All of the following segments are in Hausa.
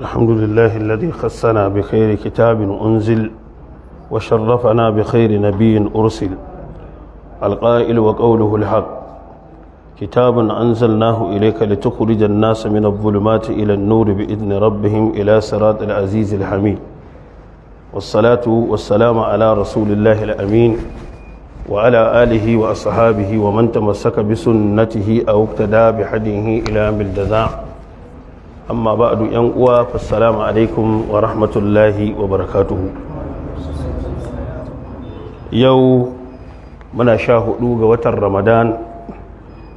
الحمد لله الذي خصنا بخير كتاب أنزل وشرفنا بخير نبي أرسل القائل وقوله الحق كتاب أنزلناه إليك لتخرج الناس من الظلمات إلى النور بإذن ربهم إلى صراط العزيز الحميد والصلاة والسلام على رسول الله الأمين وعلى آله وأصحابه ومن تمسك بسنته أو اقتدى بحديه إلى ملدزاق amma duk yan uwa assalamu alaikum wa rahmatullahi wa barakatuhu yau muna sha hudu ga watan ramadan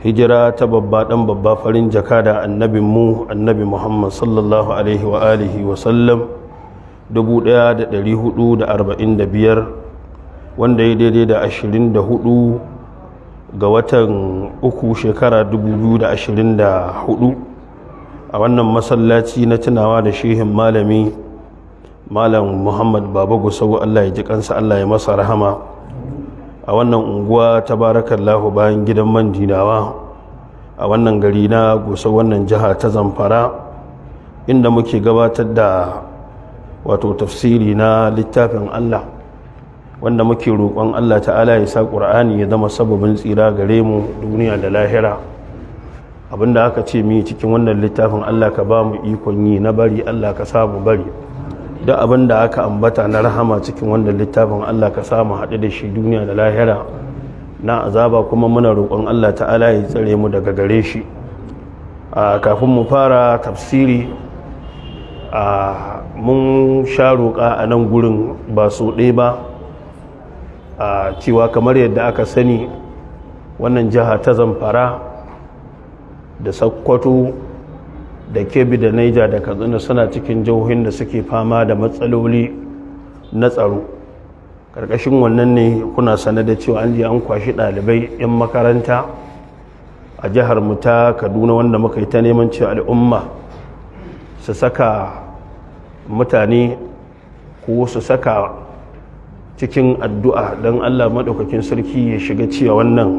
hijira ta babba dan babba farin jaka da annabin mu annabi muhammad sallallahu alaihi wa alihi wa sallam 1445 wanda ya daidai da 24 ga watan uku shekara 2024 a wannan masallaci na tunawa da shehin malami malam muhammad baba gusau allah ya ji kansa allah ya masa rahama a wannan unguwa ta lahu bayan gidan man dinawa a wannan gari na gusau wannan jiha ta zamfara inda muke gabatar da wato tafsiri na littafin allah wanda muke roƙon allah ta'ala ya sa ƙur'ani ya zama sababin tsira gare mu duniya da lahira abinda aka ce mi cikin wannan littafin Allah ka ba mu ikon yi na bari Allah ka samu bari da abinda aka ambata na rahama cikin wannan littafin Allah ka samu haɗu da shi duniya da lahira na azaba kuma muna roƙon Allah ta'ala ya tsare mu daga gare shi a kafin mu fara tafsiri a mun sha roƙa a nan gurin ba so ɗaya ba a cewa kamar yadda aka sani wannan jiha ta zamfara da sakkwato da kebi da naija da katsina suna cikin jihohin da suke fama da matsaloli na tsaro ƙarƙashin wannan ne kuna sane da cewa an je an kwashi ɗalibai 'yan makaranta a jihar mu kaduna wanda muka yi ta neman cewa al'umma su saka mutane ko su saka cikin addu'a don allah maɗaukakin sarki ya shiga cewa wannan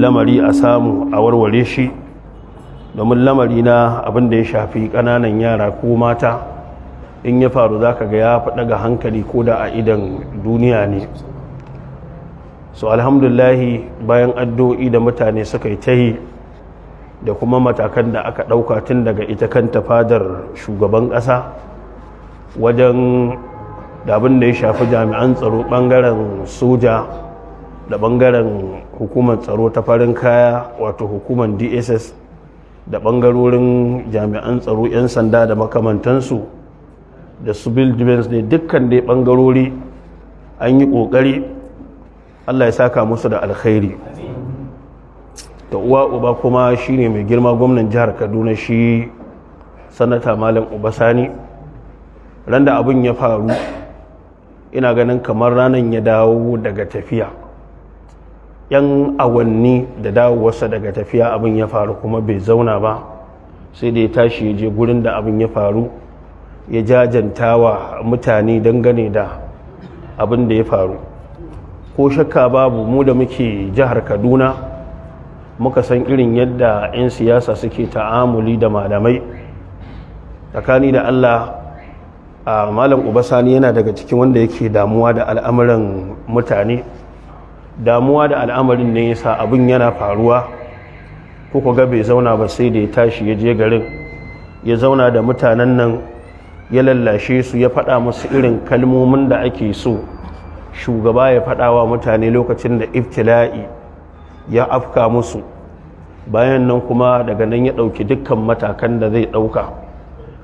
lamari a samu a warware shi domin lamari na abin da ya shafi kananan yara ko mata in ya faru za ka ga ya fi daga hankali ko da a idan duniya ne so alhamdulahi bayan addu'o'i da mutane suka yi ta yi da kuma matakan da aka ɗauka tun daga ita kanta fadar shugaban ƙasa wajen abin da ya shafi jami'an tsaro ɓangaren soja da ɓangaren hukumar tsaro ta farin kaya wato hukumar dss da bangarorin jami'an tsaro 'yan sanda da makamantansu da civil defense ne dukkan dai bangarori an yi kokari allah ya saka musu da alkhairi ta uwa uba kuma shine mai girma gwamnan jihar kaduna shi sanata malam ubasani randa abin ya faru ina ganin kamar ranar ya dawo daga tafiya 'yan awanni da dawowarsa daga tafiya abin ya faru kuma bai zauna ba sai da ya tashi ya je gurin da abin ya faru ya jajanta wa mutane dangane da abin da ya faru ko shakka babu mu da muke jihar kaduna muka san irin yadda 'yan siyasa suke ta'amuli da malamai tsakani da allah a malam ubasani yana daga cikin wanda yake damuwa da al'amuran mutane damuwa da al'amarin ne yasa abin yana faruwa kuka ga bai zauna ba sai da ya tashi ya je garin ya zauna da mutanen nan ya lallashe su ya faɗa musu irin kalmomin da ake so shugaba ya faɗa wa mutane lokacin da iftila'i ya afka musu bayan nan kuma daga nan ya ɗauki dukkan matakan da zai ɗauka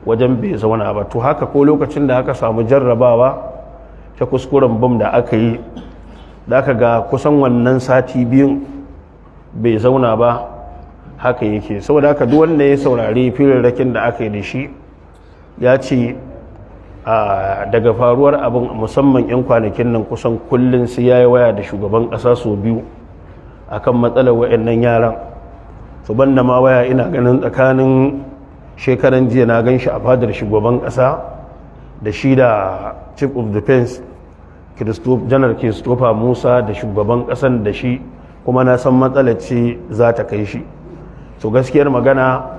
wajen bai zauna ba to haka ko lokacin da aka samu jarrabawa ta kuskuren bam da aka yi da aka ga kusan wannan sati biyun bai zauna ba haka yake saboda aka duk wanda ya saurari rakin da aka yi da shi ya ce daga faruwar abin musamman 'yan kwanakin nan kusan kullum sai ya waya da shugaban ƙasa sau biyu a kan matsalar wa'annan yaran su banda ma waya ina ganin tsakanin shekaran jiya na gan shi a fadar shugaban ƙasa da shi da chief of defense janar Christopher musa da shugaban ƙasan da shi kuma na san matsalar ce za ta kai shi to gaskiyar magana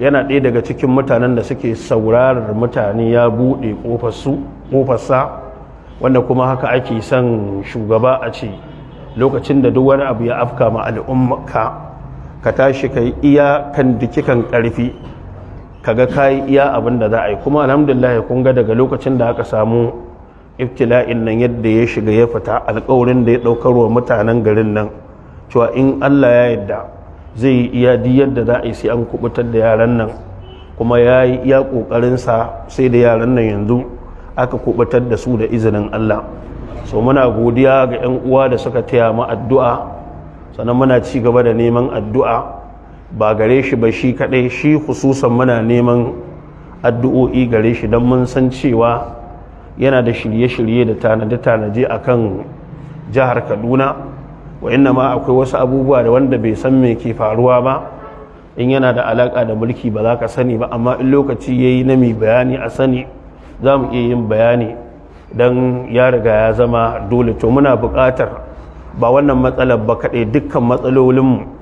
yana ɗaya daga cikin mutanen da suke saurarar mutane ya buɗe ƙofarsa wanda kuma haka ake son shugaba a ce lokacin da duk wani abu ya afka ma al'ummaka ka tashi ka yi iya kan dikikan ƙarfi kaga ka yi iya abin da za a yi kuma alhamdulillah kun ga daga lokacin da aka samu ibtila'in nan yadda ya shiga ya fita alkawarin da ya ɗaukar wa mutanen garin nan cewa in Allah ya yadda zai yi iya yadda za a yi sai an kubutar da yaran nan kuma ya yi iya ƙoƙarinsa sai da yaran nan yanzu aka kubutar da su da izinin Allah so muna godiya ga 'yan uwa da suka taya mu addu'a sannan muna ci gaba da neman addu'a ba gare shi ba shi kaɗai shi hususan muna neman addu'o'i gare shi don mun san cewa yana da shirye-shirye da tanaje-tanaje a kan jihar kaduna wa inna ma akwai wasu abubuwa da wanda bai san me ke faruwa ba in yana da alaƙa da mulki ba za ka sani ba amma in lokaci ya yi na bayani a sani za mu iya yin bayani don ya riga ya zama dole to muna buƙatar ba wannan matsalar ba kaɗai dukkan matsalolinmu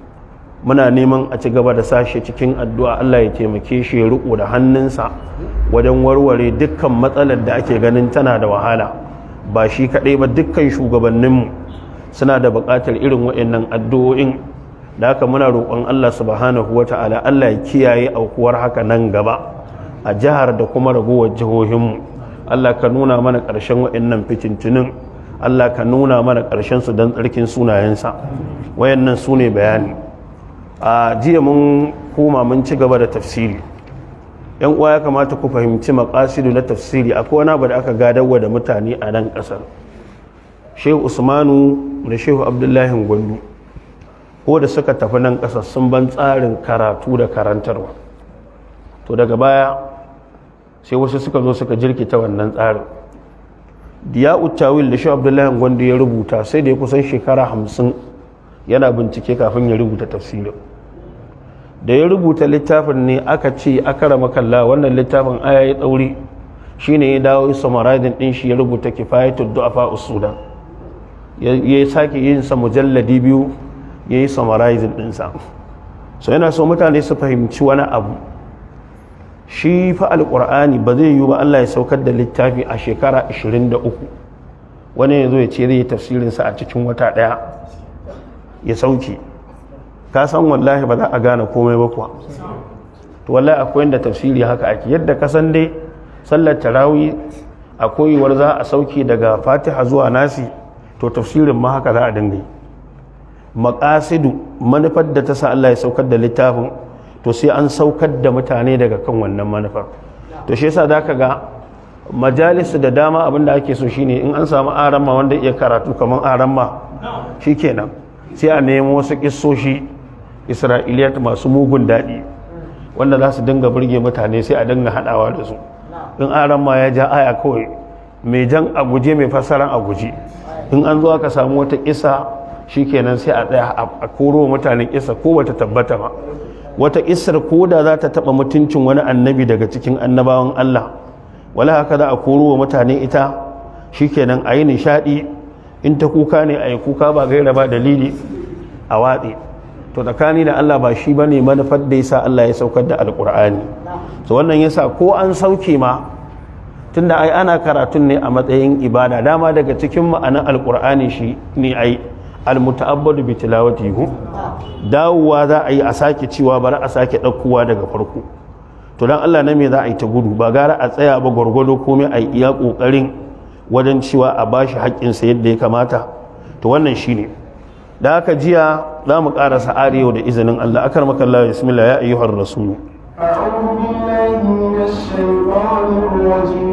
muna neman a ci gaba da sashe cikin addu'a Allah ya taimake shi ya da hannunsa wajen warware dukkan matsalar da ake ganin tana da wahala ba shi kaɗai ba dukkan shugabanninmu suna da buƙatar irin wa’in addu'o'in da aka muna roƙon Allah subhanahu ta’ala Allah ya kiyaye aukuwar haka nan gaba a jihar da kuma ragowar jihohinmu Allah ka nuna mana ƙarshen waɗannan fitintunin Allah ka nuna mana ƙarshen su don tsarkin sunayensa wayannan su ne bayani a jiya mun koma mun ci gaba da tafsiri yan uwa ya kamata ku fahimci makasidu na tafsiri a wani abu da aka gadawa da mutane a nan kasar shehu usmanu da shehu abdullahi gwandu ko da suka tafi nan kasar sun ban tsarin karatu da karantarwa to daga baya sai wasu suka zo suka jirkita wannan tsarin diya utawil da shehu abdullahi gwandu ya rubuta sai da ya kusan shekara hamsin yana bincike kafin ya rubuta tafsirin da ya rubuta littafin ne aka ce aka rama kalla wannan littafin aya ya ɗauri shi ne ya dawo samaradin ɗin shi ya rubuta kifayatul du'afa usudan ya sake yin sa mujalladi biyu ya yi samaradin ɗinsa so yana so mutane su fahimci wani abu shi fa alƙur'ani ba zai yi ba Allah ya saukar da littafi a shekara 23 wani ya zo ya ce zai yi tafsirinsa a cikin wata ɗaya ya sauke ka san wallahi ba za a gane komai ba kuwa to wallahi akwai inda tafsiri haka ake yadda ka san dai sallar tarawi a war za a sauke daga fatiha zuwa nasi to tafsirin ma haka za a dinga maqasidu manufar da ta sa Allah ya saukar da littafin to sai an saukar da mutane daga kan wannan manufar to shi yasa zaka ga majalis da dama abinda ake so shine in an samu aranma wanda iya karatu kaman shi shikenan sai a nemo wasu kisoshi isra'iliyat masu mugun daɗi wanda za su dinga burge mutane sai a dinga haɗawa da su in aramaya ma ya ja aya kawai mai jan a guje mai fassaran a guje in an zo aka samu wata kisa kenan sai a tsaya a koro mutane kisa ko bata tabbata ba wata kisar ko da za ta taɓa mutuncin wani annabi daga cikin annabawan Allah wala haka za a koro wa mutane ita shikenan a yi nishaɗi in ta kuka ne a yi kuka ba gaira ba dalili a watsi to tsakani da Allah ba shi bane manufar da yasa Allah ya saukar da alkur'ani to wannan yasa ko an sauke ma tunda ai ana karatun ne a matsayin ibada dama daga cikin ma'anar alkur'ani shi ne ai almuta'abbadu bi tilawatihi dawowa za a yi a sake cewa bari a sake ɗaukowa daga farko to dan Allah na me za a yi ta gudu ba gara a tsaya ba gwargwado komai a iya kokarin wajen cewa a bashi haƙƙinsa yadda ya kamata to wannan shine ne da aka jiya za mu ƙarasa yau da izinin Allah akar makalla bismillah ya ayyuhar rasulu a'udhu billahi minash shaitanir rajim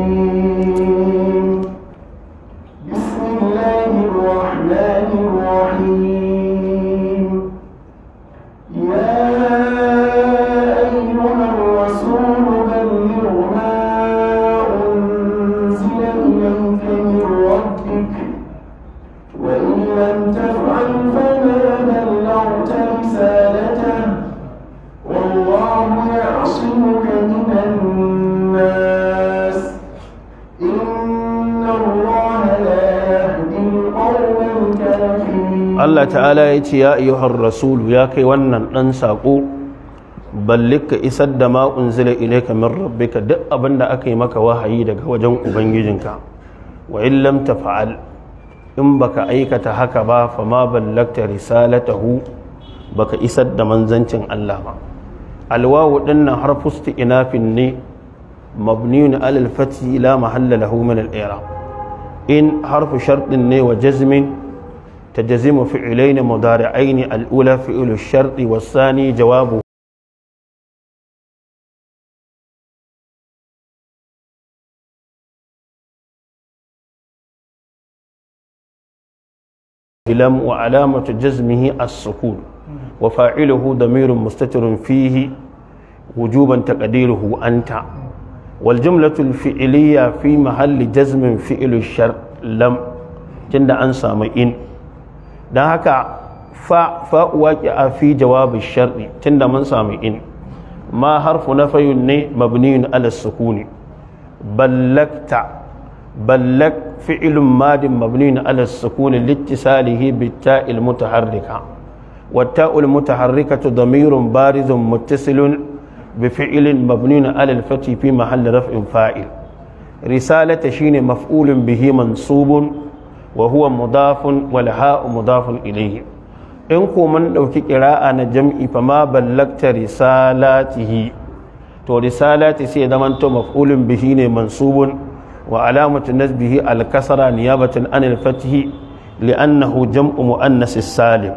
Allah ta'ala ya ce ya ayyuhar rasulu ya kai wannan dan sako ballika isar da ma unzila ilayka min rabbika duk abin da aka yi maka wahayi daga wajen ubangijinka wa in lam tafa'al in baka aikata haka ba fa ma ballakta risalatahu baka isar da manzancin Allah ba alwawu dinnan harfu isti'nafin ne mabniyun alal fati la mahalla lahu min al-i'rab in harfu shartin ne wa jazmin تجزم فعلين مضارعين الأولى فعل الشرط والثاني جوابه لم وعلامة جزمه السكون وفاعله ضمير مستتر فيه وجوبا تقديره أنت والجملة الفعلية في محل جزم فعل الشر لم تند أنسى إن don haka fa'uwa fa'uwaƙi a fi jawabin sharɗi tun da mun sami in ma harfu na fayun ne mabniyun alas sukuni ballakta ballak fi'ilun madin mabniyun alas sukuni littisalihi ta ilmutaharrika wata ilmutaharrika tu damirun barizun muttasilun bi fi'ilin على الفتح في محل رفع risalata رسالة شين maf'ulun bihi منصوب wa huwa mudafun wal ha'u mudafun ilayhi in ko mun ɗauki qira'a na jam'i fama ma ballagta risalatihi to risalati sai zaman to mafulin bihi ne mansubun wa alamatu nasbihi al kasra niyabatan an al fathi li'annahu jam'u muannas salim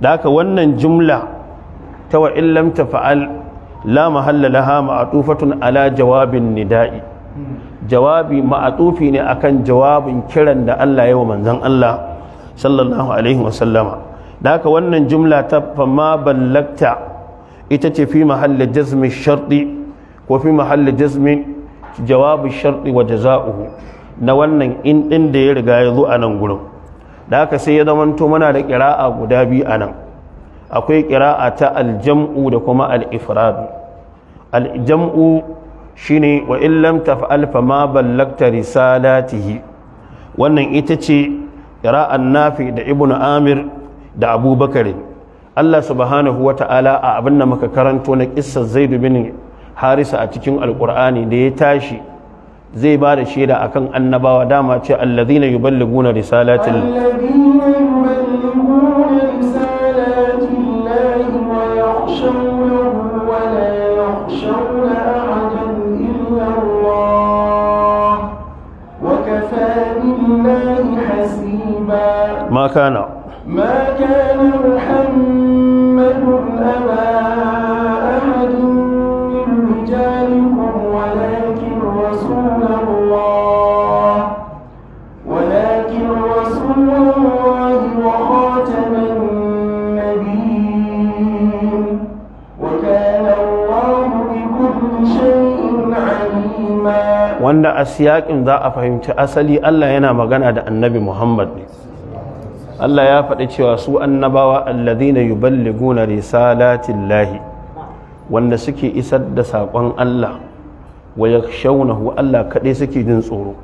da haka wannan jumla ta wa illam tafa'al la mahalla laha ma'tufatun ala jawabin nida'i jawabi ma'atufi ne akan jawabin kiran da Allah ya wa manzon Allah sallallahu alaihi sallama da haka wannan jumla ta fama ballakta ita ce fi mahalli jazmin sharɗi ko fi mahalli jazmin jawabin sharɗi wa jaza'uhu na wannan in ɗin da ya riga ya zo a nan gurin da haka sai ya zamanto muna da ƙira'a guda biyu a nan akwai ƙira'a ta aljam'u da kuma al'ifradu aljam'u shine wa illam taf'al fa ma ballagta risalatihi wannan ita ce qira'an nafi da ibnu amir da abubakar Allah subhanahu wata'ala a abin da muka karanto na kissar zaid bin harisa a cikin alqur'ani da ya tashi zai ba da shaida akan annabawa dama ce alladhina yuballiguna risalatil kana wanda a siyakin za a fahimci asali Allah yana magana da annabi Muhammad Allah ya faɗi cewa su annabawa alladhina yuballiguna risalatillahi wanda suke isar da saƙon Allah wa yakhshawnahu Allah kaɗai suke jin tsoro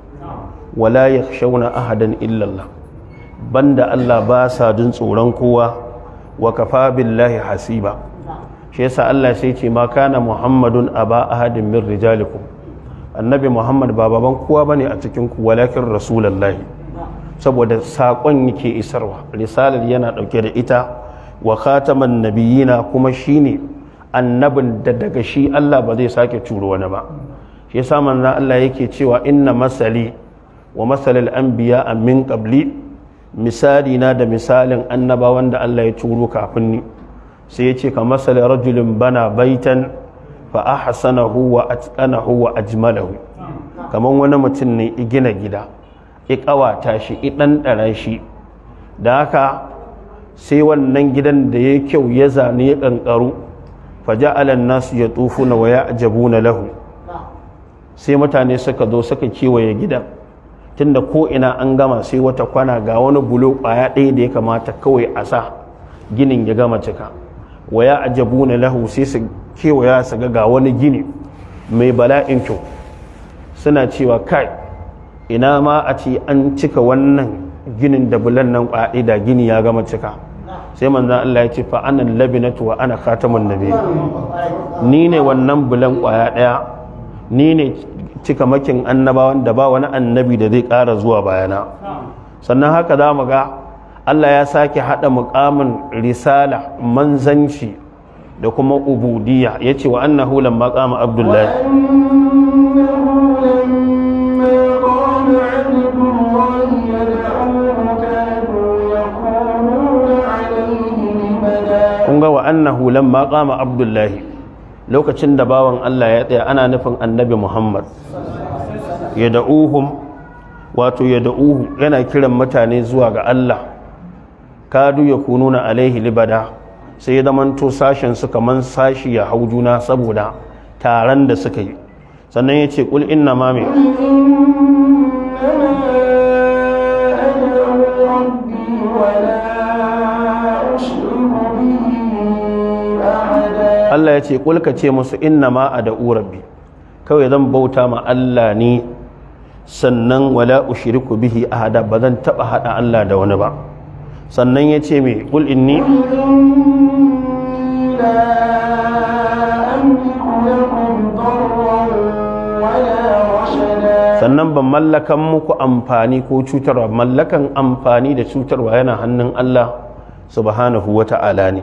wala yakhshawna ahadan illa Allah banda Allah ba sa jin tsoron kowa wa kafa billahi hasiba shi yasa Allah sai ce ma kana muhammadun aba ahadin min rijalikum annabi muhammad ba baban kowa bane a cikin ku walakin rasulullahi saboda saƙon yake isarwa risalar yana ɗauke da ita wa khataman nabiyina kuma shine annabin da daga shi Allah ba zai sake turo wani ba shi yasa manzon Allah yake cewa inna masali wa masalil a min qabli misali na da misalin annaba wanda Allah ya turo kafin ni sai yace ce ka masal rajulin bana baitan fa ahsanahu wa atqanahu wa ajmalahu kaman wani mutum ne gina gida i ƙawata shi shi da haka sai wannan gidan da ya kyau ya zane ya ƙanƙaru faja'alan nasu ya tufu na waya ajabu na lahu sai mutane suka zo suka kewaye gidan tunda ko ina an gama sai wata kwana ga wani bulo ƙwaya ɗaya da ya kamata kawai a sa ginin ya gama cika waya ajabu na lahu sai su kewaya su ga ga wani gini mai bala'in kyau suna cewa kai ina ma a ce an cika wannan ginin da bulan nan da gini ya gama cika sai manzan Allah ya ce fa ana labinatu wa ana khatamun nabi ni ne wannan bulan kwaya ɗaya ni ne cika makin annabawan da ba wani annabi da zai ƙara zuwa bayana sannan haka za mu ga Allah ya sake haɗa mukamin risala manzanci da kuma ubudiya ya ce wa annahu lamma qama abdullahi annahu lamma qama abdullahi lokacin da bawan Allah ya tsaya ana nufin annabi Muhammad ya da'uhum wato ya da'uhu yana kiran mutane zuwa ga Allah kadu ya kununa alaihi libada sai ya zamanto sashen su kaman sashi ya hau juna saboda taron da suka yi sannan ya ce kul inna ma Allah ya ce ƙulka ce musu inna ma a da'u rabbi kawai zan bauta ma Allah ne sannan wala ushriku bihi ahada ba zan taɓa haɗa Allah da wani ba sannan ya ce mai in inni sannan ban mallakan muku amfani ko cutarwa mallakan amfani da cutarwa yana hannun Allah subhanahu wa ta'ala ne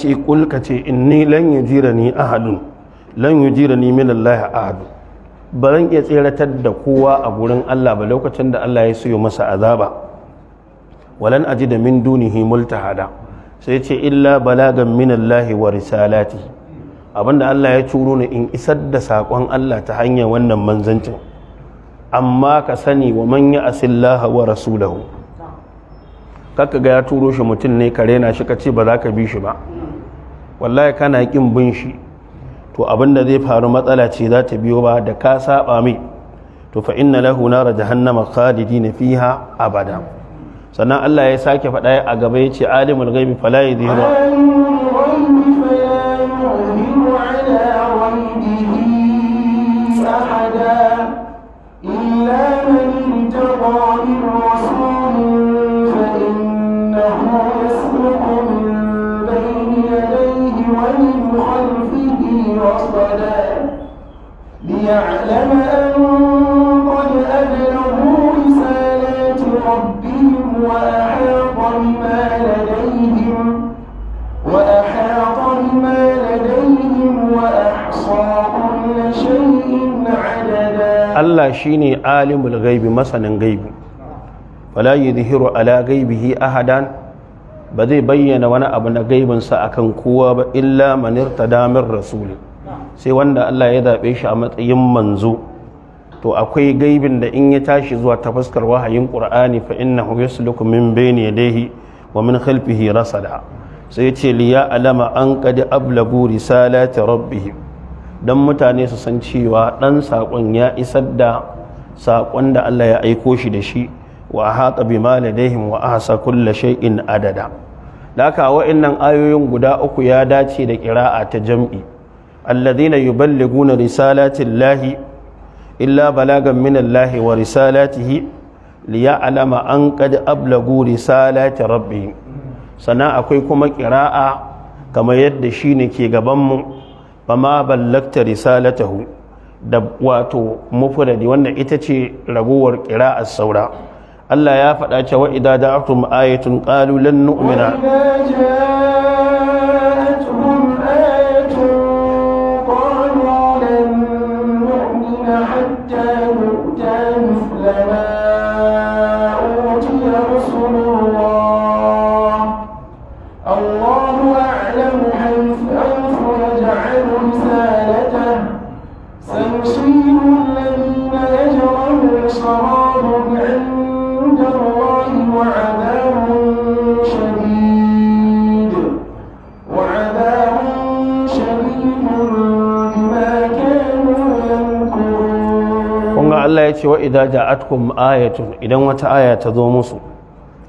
ce kulka ce inni lan yujirani ahadun lan ni min Allah ahadun baran iya tseratar da kowa a gurin Allah ba lokacin da Allah ya sayo masa azaba walan ajida min dunihi multahada sai ce illa balagan min Allah wa risalati abinda Allah ya turo ni in isar da sakon Allah ta hanyar wannan manzancin amma ka sani wa manya ya asillaha wa rasulahu kakka ga ya turo shi mutum ne ka rena shi ka ce ba za ka bi shi ba wallahi kana kin bin shi to abinda zai faru matsala ce za ta biyo ba da ka saba mai to fa inna lahu nara jahannama khalidin fiha abada sannan Allah ya sake faɗa a gaba ya ce alimul gaibi fala yadhhiru ليعلم أن قد أبلغوا رسالات ربهم وأحاط بما لديهم وأحاط بما لديهم وأحصى كل شيء عددا الله شيني عالم الغيب مثلا غيب ولا يظهر على غيبه أحدا ba zai bayyana wani abu na gaibinsa akan kowa ba illa manirta damar rasuli sai wanda Allah ya zaɓe shi a matsayin manzo to akwai gaibin da in ya tashi zuwa ta fuskar wahayin qur'ani fa innahu yasluku min bayni yadayhi wa min khalfihi rasada sai ya ce li alama an qad ablagu risalati rabbihim Don mutane su san cewa ɗan saƙon ya isar da saƙon da Allah ya aiko shi da shi wa haqa bima ladaihim wa ahsa kulli shay'in adada da haka wa'annan ayoyin guda uku ya dace da ƙira'a ta jam'i Allah alladhina yuballiguna risalati llahi illa balagan min allahi wa risalatihi liya'lama an qad ablagu risalati rabbihim sannan akwai kuma qira'a kamar yadda shi ne ke gaban mu fama ballagta risalatahu da wato mufradi wanda ita ce ragowar qira'ar saura Allah ya faɗa cewa idza da'atum ayatun qalu lan nu'mina Allah ya ce wa idza ja'atkum ayatu idan wata aya ta zo musu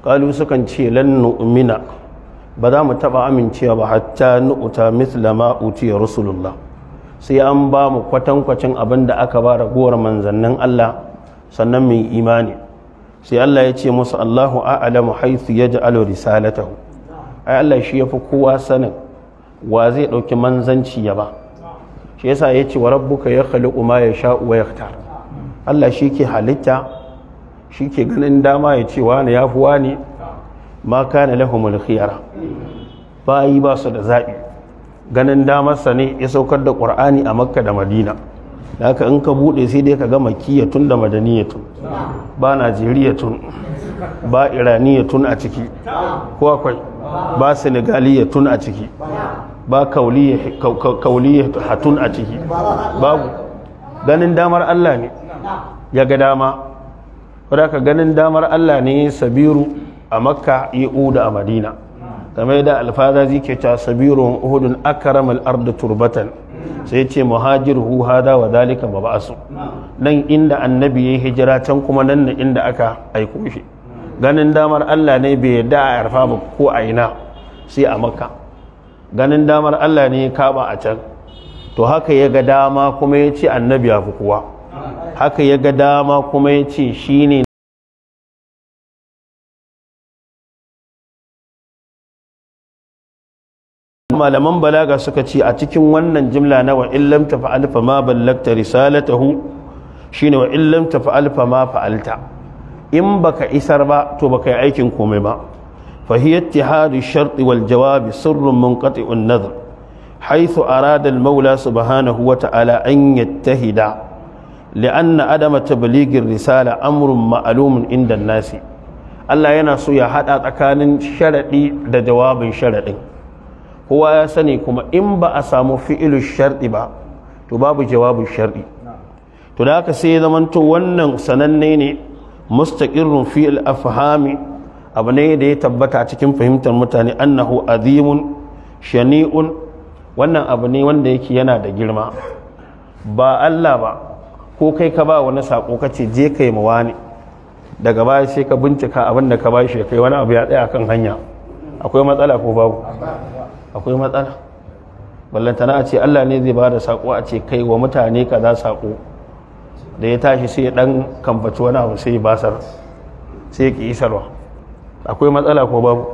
qalu sukan ce lan nu'mina ba za mu taba amincewa ba hatta nu'ta mithla ma utiya rasulullah sai an ba mu kwatankwacin abin da aka ba ragowar manzannin Allah sannan mu imani sai Allah ya ce musu Allahu a'lamu haythu yaj'alu risalatahu ai Allah shi yafi kowa sanin wa zai dauki manzanci ya ba shi yasa ce wa rabbuka yakhluqu ma yasha'u wa yakhtar Allah shi ke halitta shi ke ganin dama ya ce wani ya fi wani ma kana lahumul khiyara bayi ba su da zaɓi ganin damarsa ne ya saukar da ƙur'ani a makka da madina da haka in ka buɗe sai dai ka gama kiyatun da madaniyatun ba tun ba iraniyatun a ciki ko akwai ba tun a ciki ba kauliyahatun a ciki babu ganin damar allah ne ya ga dama wadda ganin damar Allah ne sabiru a makka yi uda a madina game da alfaza ke ta sabiru hudun akaramal ardu turbatan sai ce muhajir hu hada wa dalika ba ba'asu nan inda annabi ya hijira can kuma nan na inda aka aiko shi ganin damar Allah ne bai yadda a yarfa ba ko a ina sai a makka ganin damar Allah ne ya kaba a can to haka ya ga dama kuma ya ce annabi ya fi kowa haka ya ga dama kuma ya ce shi ne malaman balaga suka ce a cikin wannan jimla na wa illam tafi ma ballakta risalatahu shine wa illam tafi ma fa'alta in baka isar ba to baka yi aikin komai ba fa hiya ittihadu sharti wal jawabi mun munqati'un nadhr haythu arada al maula subhanahu wa ta'ala an yattahida لأن عدم تبليغ الرسالة أمر معلوم عند nasi. Allah yana so ya haɗa tsakanin sharaɗi da jawabin sharaɗi. kowa ya sani kuma in ba a samu fi'ilu sharɗi ba to babu jawabin sharɗi to da haka sai zamanto wannan sananne ne mustaqirrun fi'il afhami abu ne da ya tabbata a cikin fahimtar mutane annahu azimun shani'un wannan abu ne wanda yake yana da girma ba Allah ba ko kai ka ba wani sako ka ce je yi ma wani daga baya sai ka bincika abin da ka ba shi kai wani abu ya tsaya kan hanya akwai matsala ko babu akwai matsala ballantana a ce Allah ne zai ba da sako a ce kai wa mutane kaza sako da ya tashi sai dan kambaci wani abu sai basar sai ki isarwa akwai matsala ko babu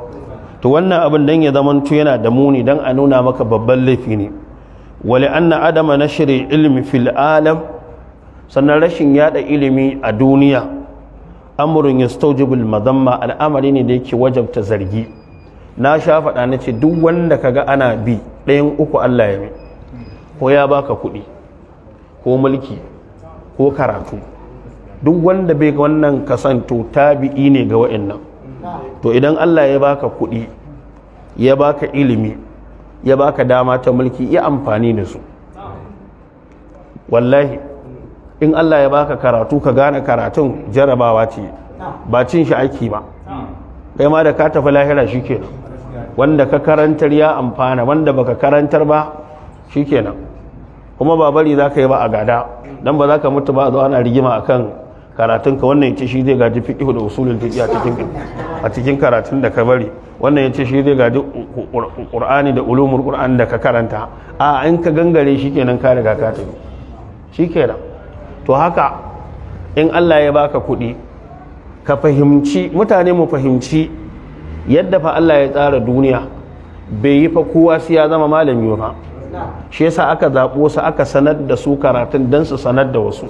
to wannan abin dan ya zama tu yana da muni dan a nuna maka babban laifi ne wali anna adama nashri ilmi fil alam sannan rashin yada ilimi a duniya amurin yastaujibul madamma al'amari ne da yake wajabta zargi na sha faɗa na ce duk wanda ka ga ana bi ɗayan uku Allah ya mai ko ya baka kuɗi ko mulki ko karatu duk wanda bai ga wannan kasanto tabi'i ne ga wa'annan to idan Allah ya baka kuɗi ya baka ilimi ya baka dama ta mulki ya amfani da su wallahi in Allah ya baka karatu ka gane karatun jarabawa ce ba cin shi aiki ba kai ma da ka tafi lahira shikenan wanda ka karantar ya amfana wanda baka karantar ba shikenan kuma ba bari za ka yi ba a gada dan ba za ka mutu ba a zo ana rigima akan karatun ka wannan yace shi zai gaji fiqh da usulul fiqh a cikin a cikin karatun da ka bari wannan yace shi zai gaji qur'ani da ulumul qur'an da ka karanta a in ka gangare shikenan ka riga ka tafi shikenan to haka in Allah ya baka kuɗi ka fahimci mutane mu fahimci yadda fa Allah ya tsara duniya bai yi fa kowa su ya zama malami ba shi yasa aka zaɓo su aka sanar da su karatun don su sanar da wasu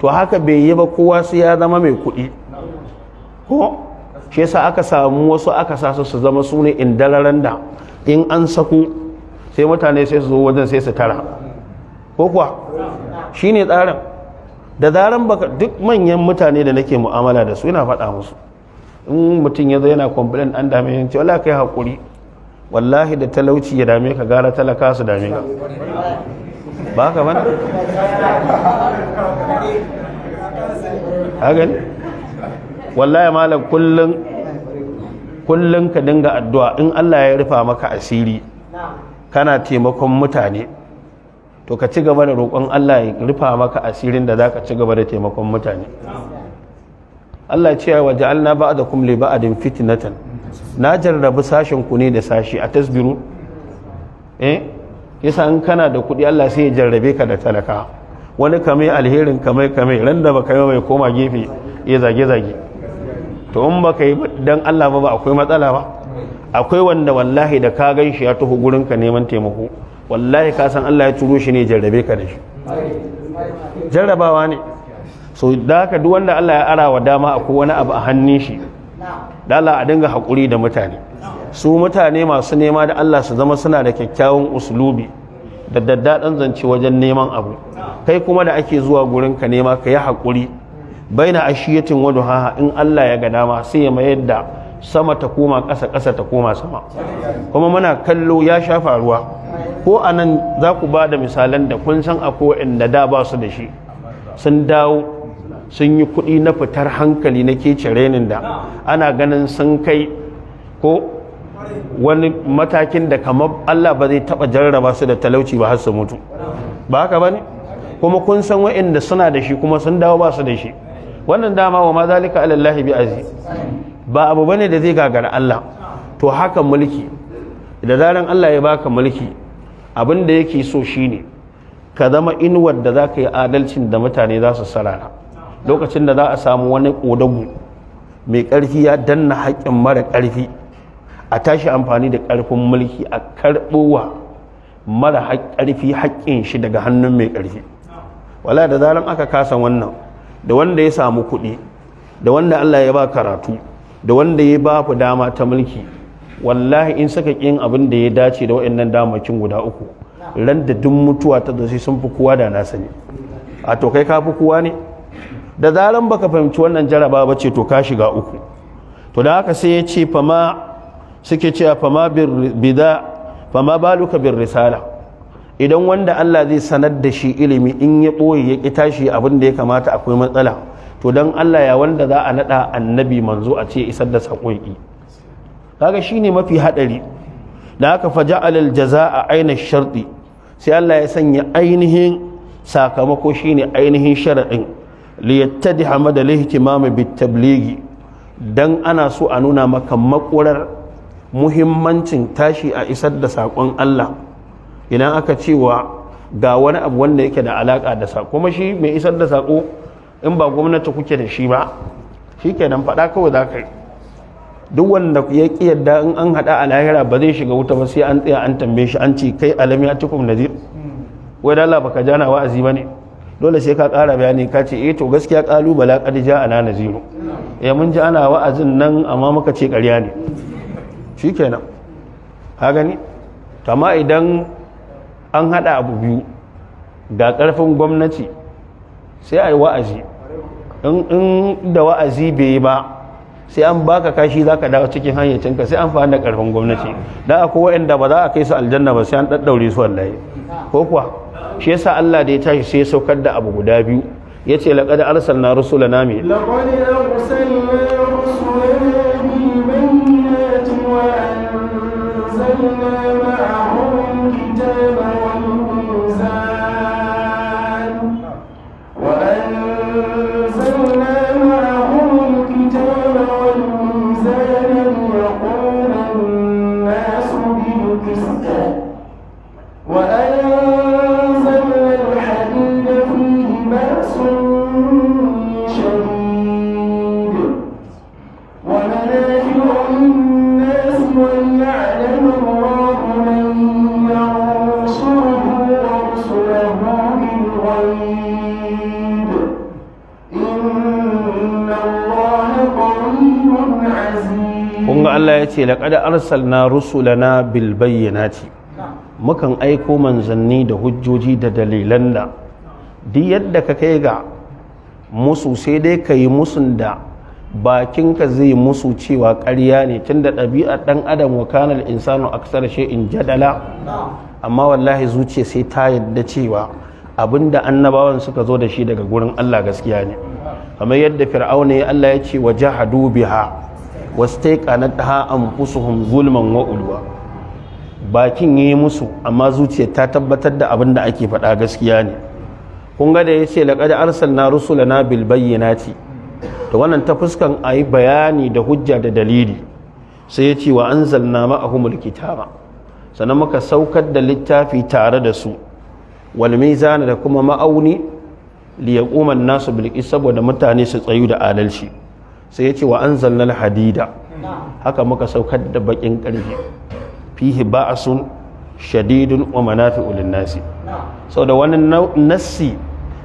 to haka bai yi ba kowa su ya zama mai kuɗi ko shi yasa aka samu wasu aka sa su su zama su ne dalaran da in an saku sai mutane sai su zo wajen sai su tara ko kuwa shine tsarin da zaran baka duk manyan mutane da nake mu'amala da su yana faɗa musu in mutum ya zo yana complain an dame yin wala kai haƙuri wallahi da talauci ya dame ka gara talaka su dame ka ba ka bana hagan wallahi malam kullum kullum ka dinga addu'a in Allah ya rufa maka asiri kana taimakon mutane to ka ci gaba da roƙon Allah ya rufa maka asirin da zaka ci gaba da taimakon mutane Allah ya ce wa ja'alna ba'dakum li ba'din fitnatan na jarrabu sashen ku ne da sashi a tasbiru eh yasa in kana da kuɗi Allah sai ya jarrabe ka da talaka wani kame alherin kame kame ran da baka yi mai koma gefe ya zage zage to in baka yi dan Allah ba ba akwai matsala ba akwai wanda wallahi da ka gan shi ya tuhu gurinka neman taimako wallahi ka san Allah ya turo shi ne jarrabe ka da shi jarrabawa ne so da haka duk wanda Allah ya ara wa dama akwai wani abu a hannun shi dala a dinga haƙuri da mutane su mutane masu nema da Allah su zama suna da kyakkyawan uslubi da daddaɗan zance wajen neman abu kai kuma da ake zuwa gurin ka nema ka yi haƙuri baina ashiyatin wadu haha in Allah ya ga dama sai ya mayar da sama ta koma ƙasa ƙasa ta koma sama kuma muna kallo ya shafa ruwa. ko a nan za ku ba da misalan da kun san akwai inda da ba su da shi sun dawo sun yi kuɗi na fitar hankali na ke cirenin da ana ganin sun kai ko wani matakin da kamar Allah ba zai taɓa jarraba su da talauci ba har su mutu ba haka ba ne kuma kun san wa'inda suna da shi kuma sun dawo ba su da shi wannan dama wa ma zalika alallahi bi azi ba abu bane da zai gagara Allah to haka mulki da zaran Allah ya baka mulki abin da yake so shine ka zama inuwar da za ka yi adalcin da mutane za su sarara lokacin da za a samu wani ƙodagu mai ƙarfi ya danna haƙƙin mara ƙarfi a tashi amfani da ƙarfin mulki a karɓowa mara ƙarfi haƙƙin shi daga hannun mai ƙarfi wala da zaran aka kasa wannan da wanda ya samu kuɗi da wanda Allah ya ba karatu da wanda ya ba ku dama ta mulki wallahi in saka kin abin da ya dace da waɗannan damakin guda uku ran da duk mutuwa ta zo sun fi kowa da na sani a to kai ka fi kowa ne da zaran baka fahimci wannan jaraba ba ce to ka shiga uku to da haka sai ya ce fama suke cewa fama bida fama baluka bir risala idan wanda Allah zai sanar da shi ilimi in ya ɓoye ya ƙi tashi abin da ya kamata akwai matsala to don Allah ya wanda za a naɗa annabi manzo a ce isar da saƙon kaga shine mafi hadari da aka alal jaza a aina sharti sai Allah ya sanya ainihin sakamako shine ainihin sharaɗin li hamada madal ihtimam bit bitabligi dan ana so a nuna maka makurar muhimmancin tashi a isar da sakon Allah idan aka cewa ga wani abu wanda yake da alaka da sako kuma shi mai isar da sako in ba gwamnati kuke da shi ba shikenan faɗa kawai za ka yi duk wanda ya ƙi yadda in an haɗa a lahira ba zai shiga wuta ba sai an tsaya an tambaye shi an ce kai alami a cikin nazir wai da Allah baka jana wa'azi ba ne dole sai ka kara bayani ka ce eh to gaskiya ƙalubala kad ja ana naziru ya eh mun ji ana wa'azin nan amma muka ce ƙarya ne shikenan ka gani amma idan an haɗa abu biyu ga ƙarfin gwamnati sai a wa'azi in da wa'azi bai yi ba sai an baka kashi zaka dawo cikin hayyacinka sai an fahimta karfin gwamnati da a kowa waɗanda ba za a kai su aljanna ba sai an daddaure su wallahi ko kuwa shi yasa Allah da ya tashi sai ya saukar da abu guda biyu yace laqad arsalna rusulana min laqad arsalna rusulana kun ga Allah ya ce laƙada arsalna rusulana bil ce mukan aiko manzanni da hujjoji da dalilan da duk yadda ka kai ga musu sai dai ka yi musun da bakinka zai musu cewa ƙarya ne tunda ɗabi'ar ɗan adam wa kanar insanu shi in jadala amma wallahi zuciya sai ta yadda cewa abinda annabawan suka zo da shi daga gurin Allah gaskiya ne kamar yadda fir'auna ya Allah ya ce wa jahadu biha wastaiqanatha anfusuhum zulman wa ulwa bakin yi musu amma zuciya ta tabbatar da abin da ake faɗa gaskiya ne kun ga da yace laqad arsalna rusulana bil ce. da wannan ta fuskan yi bayani da hujja da dalili sai ya ce wa an a humul kitaba sannan muka saukar da littafi tare da su walmi zana da kuma ma'auni liyaquman nasu bil saboda mutane su tsayu da adalci sai yace wa zannan hadida haka muka saukar da bakin karfi fihi sun shadidun wa manafi'u lin-nasi da wani nassi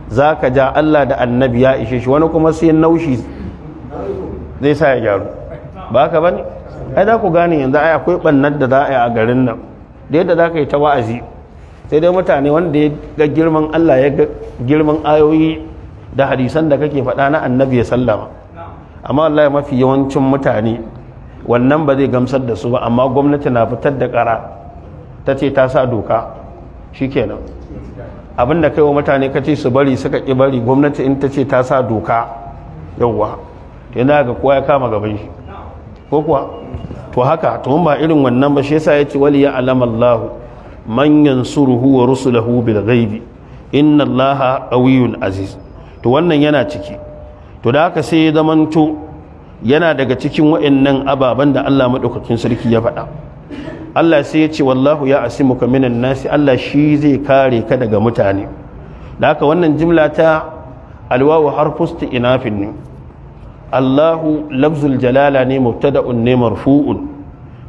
zaka ja Allah da annabi ya ishe shi wani kuma sai naushi zai sa ya gyaru ba ka bane ai da ku gane yanzu ai akwai bannar da za a yi a garin nan da yadda za ka yi ta wa'azi sai dai mutane wanda ya ga girman Allah ya ga girman ayoyi da hadisan da kake faɗa na annabi ya sallama amma Allah ya mafi yawancin mutane wannan ba zai gamsar da su ba amma gwamnati na fitar da kara ta ce ta sa doka shi nan abin da kaiwa mutane kace su bari suka ki bari gwamnati in ta ce ta sa doka yawwa yana ga kowa ya kama gaban shi ko kuwa to haka to ba irin wannan ba shi yasa yace wali ya alamallahu Manyan yansuruhu wa rusulahu bil ghaibi inna allaha qawiyyun aziz to wannan yana ciki to da haka sai zamanto yana daga cikin waɗannan ababen da Allah madaukakin sarki ya faɗa Allah sai ya ce wallahu ya asimuka minan nasi Allah shi zai kare ka daga mutane da haka wannan jimla ta alwawu har ta inafin ne Allahu lafzul jalala ne mubtada'un ne marfu'un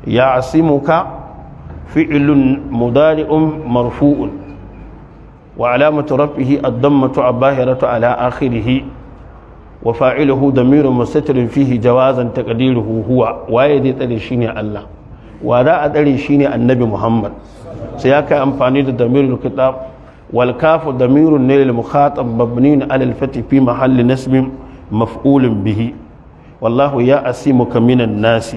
ya asimuka فعل مضارع مرفوع وعلامة رفعه الضمة الظاهرة على آخره وفاعله ضمير مستتر فيه جوازا تقديره هو وايد تريشيني الله وذا تريشيني النبي محمد سياكا أنفاني ضمير الكتاب والكاف ضمير النيل المخاطب مبني على الفتح في محل نسب مفعول به والله يا أسيمك من الناس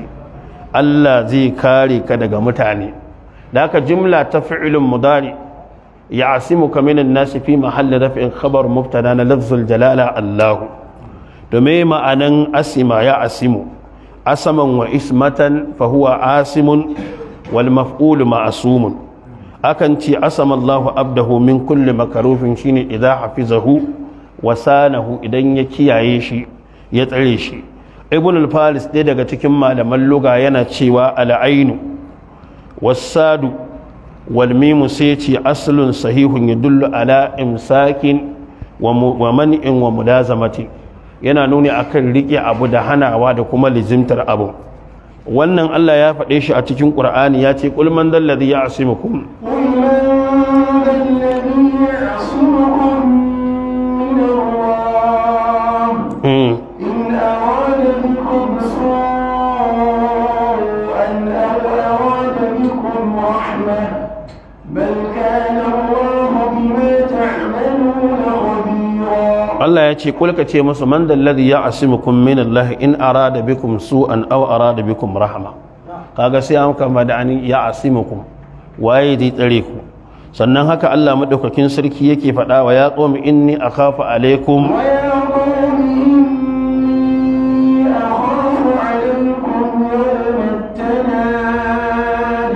الله زي كاري كدغ متعني da haka jumla ta fi'ilun mudari ya asimu kaminan nasi fi mahalli rafin khabar mubtada na lafzul jalala Allahu domin ma'anan asima ya asimu asaman wa ismatan fahuwa asimun wal maf'ulu ma'asumun akan ce asama lahu abdahu min kulli makarufin shine idan hafizahu wa sanahu idan ya kiyaye shi ya tsare shi ibn al-falis dai daga cikin malaman lugha yana cewa al-ainu wasadu walmimu sai ce asalin sahihun ya dullu ala imsakin wa man'in wa mudazamatin yana nuni akan riƙe abu da hanawa da kuma lizimtar abu wannan Allah ya faɗe shi a cikin ƙur'ani ya ce qul man ya ladhi ya'simukum Mm. Allah ya ce kulka ce musu man dalladhi ya asimukum min Allah in arada bikum su'an aw arada bikum rahma kaga sai an kama da an ya waye dai tsare ku sannan haka Allah madaukakin sarki yake faɗa wa ya qawmi inni akhafu alaikum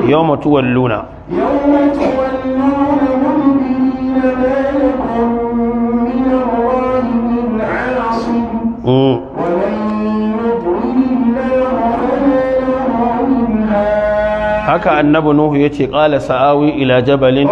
yawma tuwalluna yawma haka annabi nuhu yace qala sa'awi ila jabalin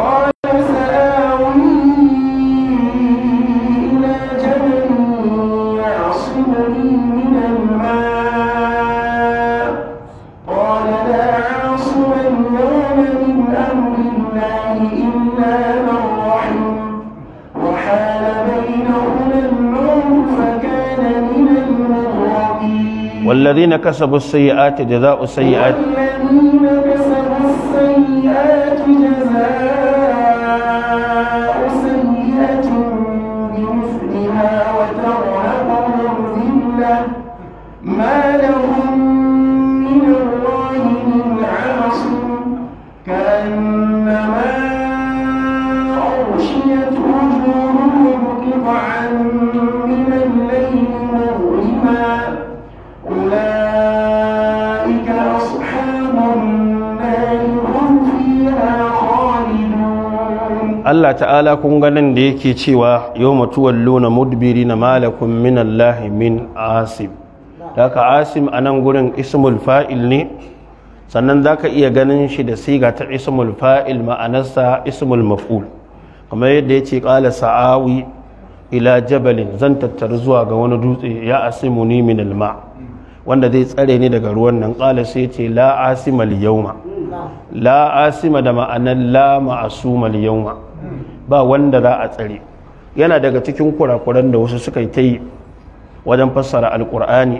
والذين كسبوا السيئات جزاء السيئات والذين كسبوا السيئات جزاء ta'ala kun ganin da yake cewa yau matuwar luna mudbiri na malakun minallahi min asim ka asim a nan gurin ismul fa'il ne sannan za ka iya ganin shi da siga ta ismul fa'il ma'anarsa ismul maf'ul kamar yadda ya ce ƙala sa'awi ila jabalin zan tattar zuwa ga wani dutse ya asimu ni min alma wanda zai tsare ni daga ruwan nan ƙala sai ce la asima yauma la asima da ma'anar la ma'asuma yauma ba wanda za a tsare yana daga cikin kurakuran da wasu suka yi ta yi wajen fassara alkur'ani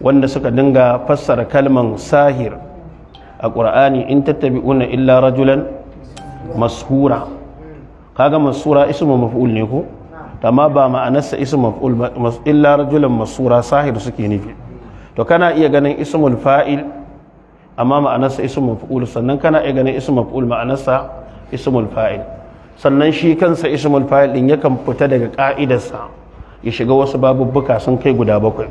wanda suka dinga fassara kalman sahir a kur'ani in una illa rajulan mashura kaga mashura ismu maf'ul ne ko amma ba ma'anarsa ismu maf'ul illa rajulan mashura sahir suke nufi to kana iya ganin ismul fa'il amma ma'anarsa ismu maf'ul sannan kana iya ganin ismu maf'ul ma'anarsa ismul fa'il sannan shi kansa ismul fa'il din yakan fita daga ka'idarsa ya shiga wasu babubbuka sun kai guda bakwai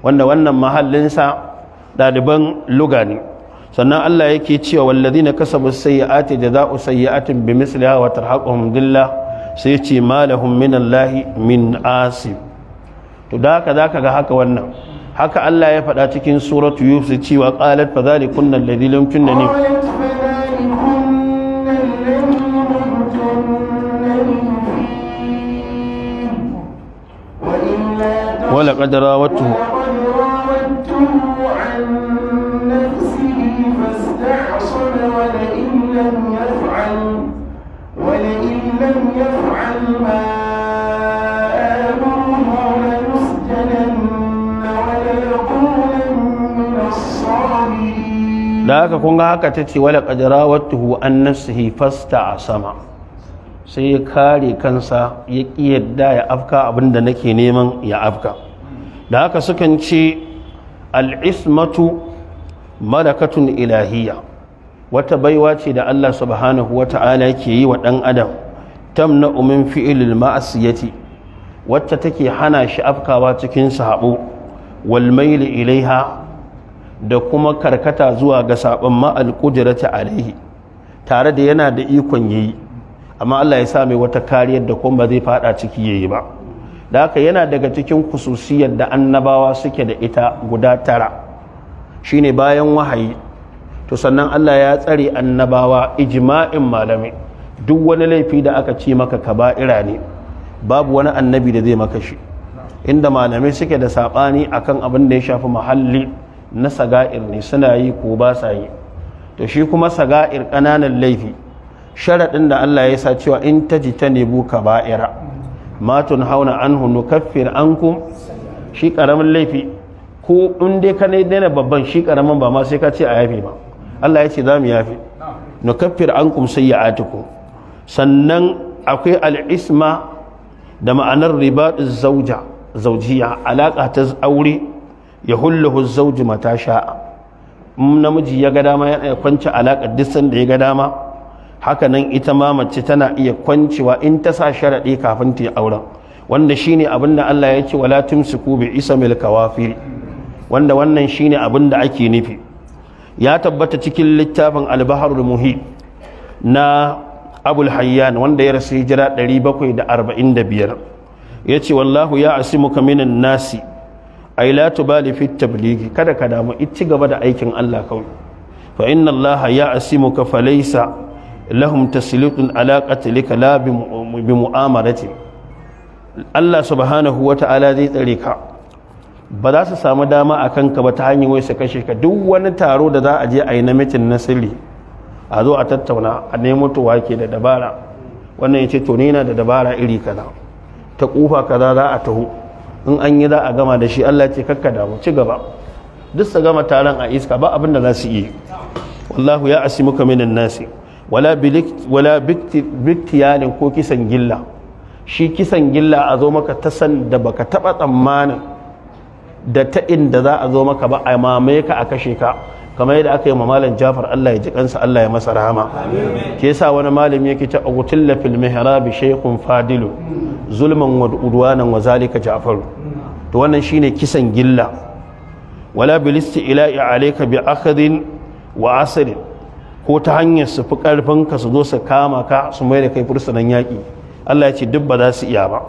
wanda wannan mahallinsa ɗaliban luga ne sannan Allah yake cewa wallazina kasabu sayyi'ati jazaa'u sayyi'atin bimithliha wa tarhaquhum dhillah sai ya ce malahum min Allah min asib to da haka zaka ga haka wannan haka Allah ya faɗa cikin suratu yusuf cewa qalat fa zalikunna alladhi lam tunani ولقد راوته عن da haka kun haka ta ce wala ƙadira wattuhu an nafsihi fasta a sama sai ya kare kansa ya ƙi yadda ya afka abinda nake neman ya afka da haka sukan ce al'ismatu malakatun ilahiyya wata baiwa ce da Allah subhanahu wa ta'ala ke yi wa ɗan adam tamna umin fi'ilil ma'asiyati wacce take hana shi afkawa cikin saɓo walmaili ilaiha da kuma karkata zuwa ga saɓon ma'al alaihi tare da yana da ikon yi amma Allah ya sa mai wata kariyar da kuma zai faɗa ciki yayi ba da haka yana daga cikin kususiyar da annabawa suke da ita guda tara shine bayan wahayi to sannan Allah ya tsare annabawa ijima'in malami duk wani laifi da aka ce maka kaba'ira ne babu wani annabi da zai maka shi inda malamai suke da sabani akan abin da ya shafi muhalli na saga'ir ne suna yi ko ba sa yi to shi kuma saga'ir ƙananan laifi sharaɗin da Allah ya sa cewa in ta ka kaba'ira matun hauna anhu an ku shi karamin laifi ko in dai ka ne daina babban shi karamin ba ma sai ka ce a yafe ba Allah ya ce za mu yafe sai ya sayyi'atukum sannan akwai al'isma da ma'anar riba zauja zaujiya alaƙa ta aure ya hullahu zauji mata sha'a namiji ya ga dama ya kwanci alaƙa duk sanda ya ga dama hakanan ita ma mace tana iya kwancewa in ta sa sharaɗi kafin ta yi auren wanda shine abin da Allah ya ce wala tumsiku bi ismil kawafir wanda wannan shine abin da ake nufi ya tabbata cikin littafin albaharul muhi na abul hayyan wanda ya rasu hijira 745 yace wallahu ya asimuka minan nasi ay la tubali fit biligi. kada ka damu ci gaba da aikin Allah kawai fa inna Allah ya asimuka falaysa lahum tasliqun ala qatlika la bi mu'amalatin Allah subhanahu wata'ala zai tsare ka ba za su samu dama a kanka ba ta hanyar wai su kashe ka duk wani taro da za a je a yi na mitin na sirri a zo a tattauna a nemo to wake da dabara wannan ya ce to na da dabara iri kaza ta kufa kaza za a taho in an yi za a gama da shi Allah ce kakka damu ci gaba duk su gama taron a iska ba abin da za su yi wallahu ya asimuka minan nasi wala biktiyarin ko kisan gilla shi kisan gilla a zo maka ta san da baka taba tsammanin da ta inda za a zo maka ba a mamaye ka a kashe ka kamar yadda aka yi malam jafar Allah ya ji kansa Allah ya masa rahama ke sa wani malami yake ta agutilla fil mihrabi shaykhun fadilu zulman wa udwanan wa zalika jafaru to wannan shine kisan gilla wala bilisti ila'i alayka bi akhdin wa asrin ko ta hanyar su fi karfin ka su zo su kama ka su mai da kai fursunan yaƙi Allah ya ce duk ba za su iya ba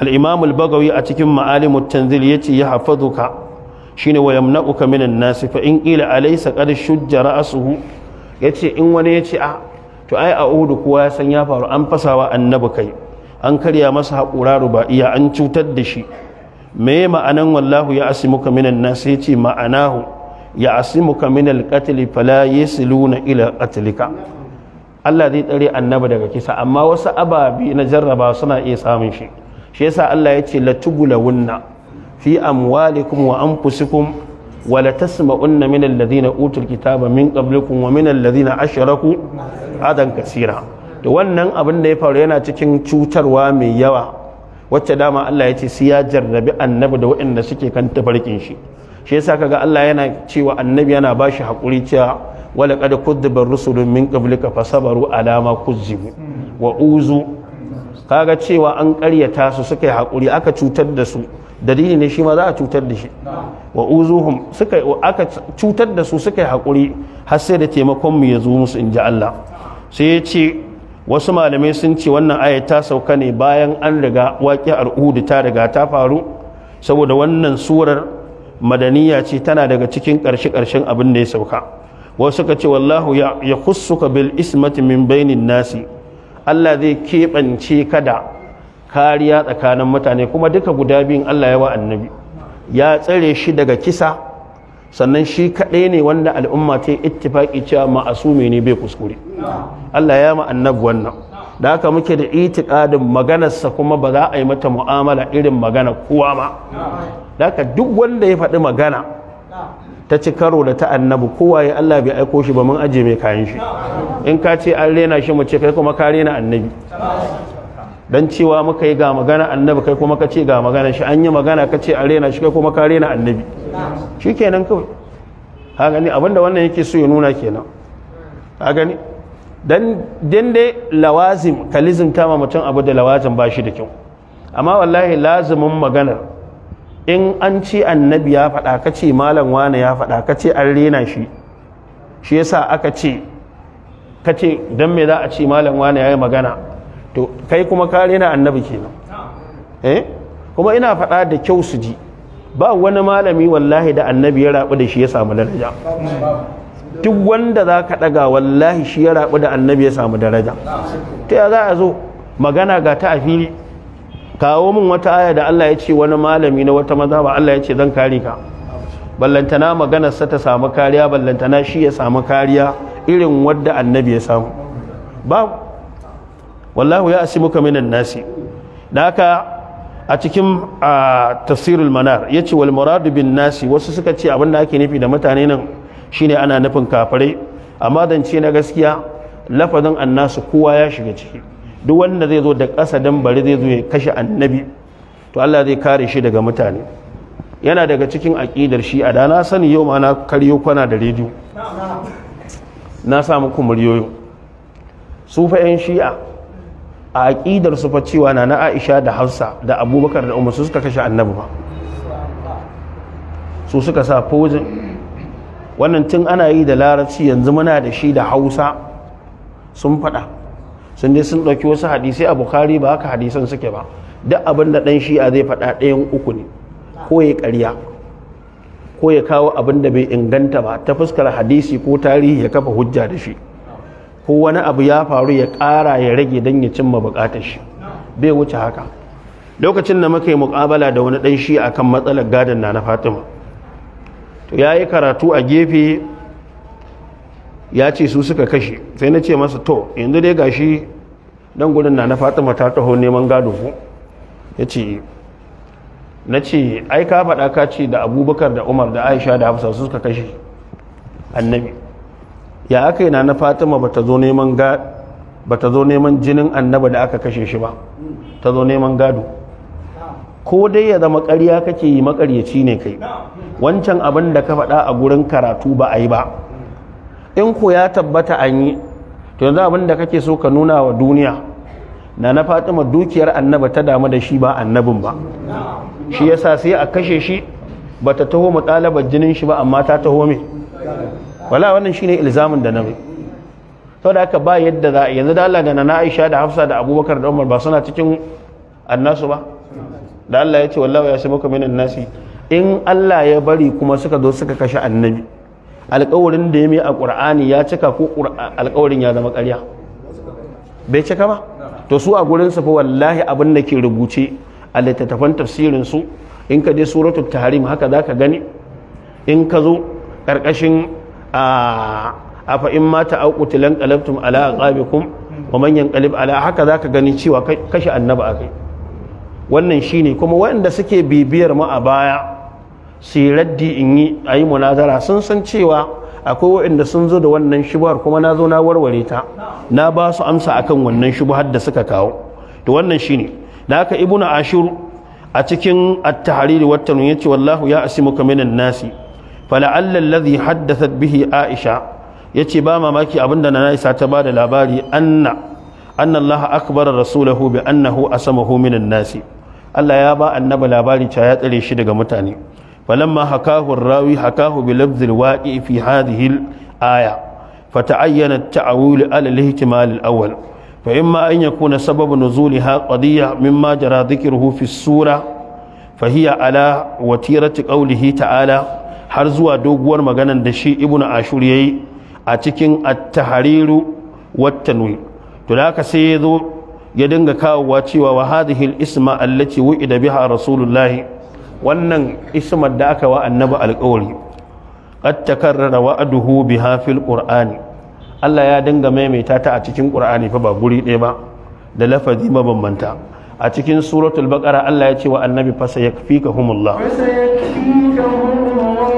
al bagawi a cikin ma'alimut tanzil yace ya hafazuka shine wa uka minan nasu. fa in ƙila alaisa qad shujja Ya ce in wani ya yace a ah, to ai a uhudu kowa ya san ya faru an fasawa annabi kai an karya masa haƙura ruba'iya an cutar da shi me ma'anan wallahu ya asimuka minan ya ce ma'anahu ya'simuka min al-qatl fala luna ila qatlika Allah zai tsare annabi daga kisa amma wasu ababi na jarraba suna iya samun shi shi yasa Allah ya ce latubulawunna fi amwalikum wa anfusikum wa latasma'unna min alladhina utul kitaba min qablikum wa min alladhina ashraku adan kasira Da wannan abin da ya faru yana cikin cutarwa mai yawa wacce dama Allah ya ce sai ya jarrabi annabi da waɗanda suke kan tafarkin shi shi yasa kaga Allah yana cewa annabi yana bashi hakuri cewa wala qad kudbar rusulun min qablika fasabaru ala ma kuzibu wa uzu kaga cewa an ƙaryata su suka yi hakuri aka cutar da su dalili ne shi ma za a cutar da shi wa uzuhum suka aka cutar da su suka yi hakuri har sai da taimakon mu ya zo musu in ji Allah sai ya ce wasu malamai sun ce wannan aya ta sauka ne bayan an riga waƙi al'udu ta riga ta faru saboda wannan surar madaniya ce tana daga cikin ƙarshe ƙarshen abin da ya sauka wasu ka ce wallahu ya kussuka bil ismati min bainin nasi Allah zai keɓance kada kariya tsakanin mutane kuma duka guda biyun Allah ya wa annabi ya tsare shi daga kisa sannan shi kaɗai ne wanda al'umma ta yi ittifaƙi cewa ma'asumi ne bai kuskure Allah ya ma annabi wannan da haka muke da itiƙadin maganarsa kuma ba za a yi mata mu'amala irin magana kowa ma daka duk wanda ya faɗi magana ta ci karo da ta annabu kowa ya Allah bai aiko shi ba mun aje mai kayan shi in ka ce an rena shi mu ce kai kuma ka rena annabi dan cewa muka yi ga magana annabi kai kuma ka ce ga magana shi an yi magana ka ce an rena shi kai kuma ka rena annabi shi kenan kawai ha gani abinda wannan yake so ya nuna kenan ha gani dan dai lawazim kalizim ta ma mutum abu da lawazim ba shi da kyau amma wallahi lazimin maganar in an ce annabi ya faɗa ka ce malam wane ya faɗa ka ce an rena shi shi yasa aka ce ka ce don me za a ce malam wane ya yi magana to kai kuma ka rena annabi kenan eh kuma ina faɗa da kyau su ji ba wani malami wallahi da annabi ya rabu da shi ya samu daraja duk wanda za ka ɗaga wallahi shi ya rabu da annabi ya samu daraja ta ya za a zo magana ga ta a fili kawo min wata aya da Allah ya ce wani malami na wata maza ba Allah ya ce zan kare ka ballantana sa ta samu kariya ballantana shi ya samu kariya irin wadda annabi ya samu ba wallahu ya ka minan nasi da haka a cikin tafsirul manar ce wal muradu bin nasi wasu suka ce abin da ake nufi da mutane nan shine ana nufin kafirai amma zance na gaskiya lafazin annasu kowa ya shiga ciki duk wanda zai zo da ƙasa don bari zai zo ya kashe annabi to Allah zai kare shi daga mutane yana daga cikin aƙidar shi a da na sani yau ma na karyo kwana da rediyo na samu kumuriyoyo su fa yan shi'a a aƙidar su fa cewa na na Aisha da Hausa da Abubakar da Umar su suka kashe annabi ba su suka sa fojin wannan tun ana yi da larabci yanzu muna da shi da Hausa sun faɗa sun dai sun ɗauki wasu hadisai a bukari ba haka hadisan suke ba duk abin da ɗan shi'a zai faɗa ɗayan uku ne ko ya ƙarya ko ya kawo abin da bai inganta ba ta fuskar hadisi ko tarihi ya kafa hujja da shi ko wani abu ya faru ya ƙara ya rage don ya cimma buƙatar shi bai wuce haka lokacin da muka yi muƙabala da wani ɗan shi'a kan matsalar gadon na na fatima to ya yi karatu a gefe ya ce su suka kashe sai na ce masa to yanzu dai gashi dan gudun na na fatima ta taho neman gado ku ya ce na ce ai ka faɗa ka ce da abubakar da umar da aisha da hafsa su suka kashe annabi ya aka yi na na fatima ba ta zo neman ba ta zo neman jinin annaba da aka kashe shi ba ta zo neman gado ko dai ya zama ƙarya kake yi makaryaci ne kai wancan abin da ka faɗa a gurin karatu ba a yi ba in ku ya tabbata an yi to yanzu abin da kake so ka nuna wa duniya na na fatima dukiyar annaba ta damu da shi ba annabin ba shi yasa sai a kashe shi ba ta taho mu mutalabar jinin shi ba amma ta taho me wala wannan shine ilzamin da na nabi sau da aka ba yadda za a yanzu da Allah da na Aisha da Hafsa da Abubakar da Umar ba suna cikin annasu ba da Allah ya ce wallahi ya shi muka minan nasi in Allah ya bari kuma suka zo suka kashe annabi alƙawarin da ya mai a ƙur'ani ya cika ko alƙawarin ya zama ƙarya bai cika ba to su a gurin fa wallahi abin da ke rubuce a littattafan tafsirin su in ka je suratul tahrim haka za ka gani in ka zo ƙarƙashin a fa in mata au qutilan qalabtum ala aqabikum wa man yanqalib ala haka za ka gani cewa kashe annabi akai wannan shine kuma waɗanda suke bibiyar mu a baya su yi raddi in yi a yi munazara sun san cewa akwai waɗanda sun zo da wannan shubuhar kuma na zo na warware ta na ba su amsa akan wannan shubuhar da suka kawo to wannan shine da ka ibnu ashur a cikin at-tahrir wa tanwin yace wallahu ya asimuka minan nasi fala'alla alladhi haddathat bihi aisha yace ba mamaki abinda na isa ta ba da labari anna anna allaha akbara rasulahu bi annahu asamahu minan nasi Allah ya ba annaba labari ta ya tsare shi daga mutane falamma hakahu rawi hakahu bi lafzil waqi fi hadhihi aya fata'ayyana at-ta'wil ala al-ihtimal al-awwal fa imma an yakuna sababu nuzuliha qadiyya mimma jara dhikruhu fi as-sura fa hiya ala watirati qawlihi ta'ala har zuwa doguwar maganar da shi ibnu ashur yayi a cikin at-tahriru to da haka sai ya zo ya dinga kawowa cewa wa hadhihi al-isma allati wu'ida biha rasulullahi wannan ismar da aka wa annabi alƙawari qad takarrara wa'aduhu biha fil qur'ani Allah ya dinga maimaita ta a cikin qur'ani fa ba guri ɗaya ba da lafazi mabambanta a cikin suratul baqara Allah ya ce wa annabi fa sayakfikahumullah fa sayakfikahumullah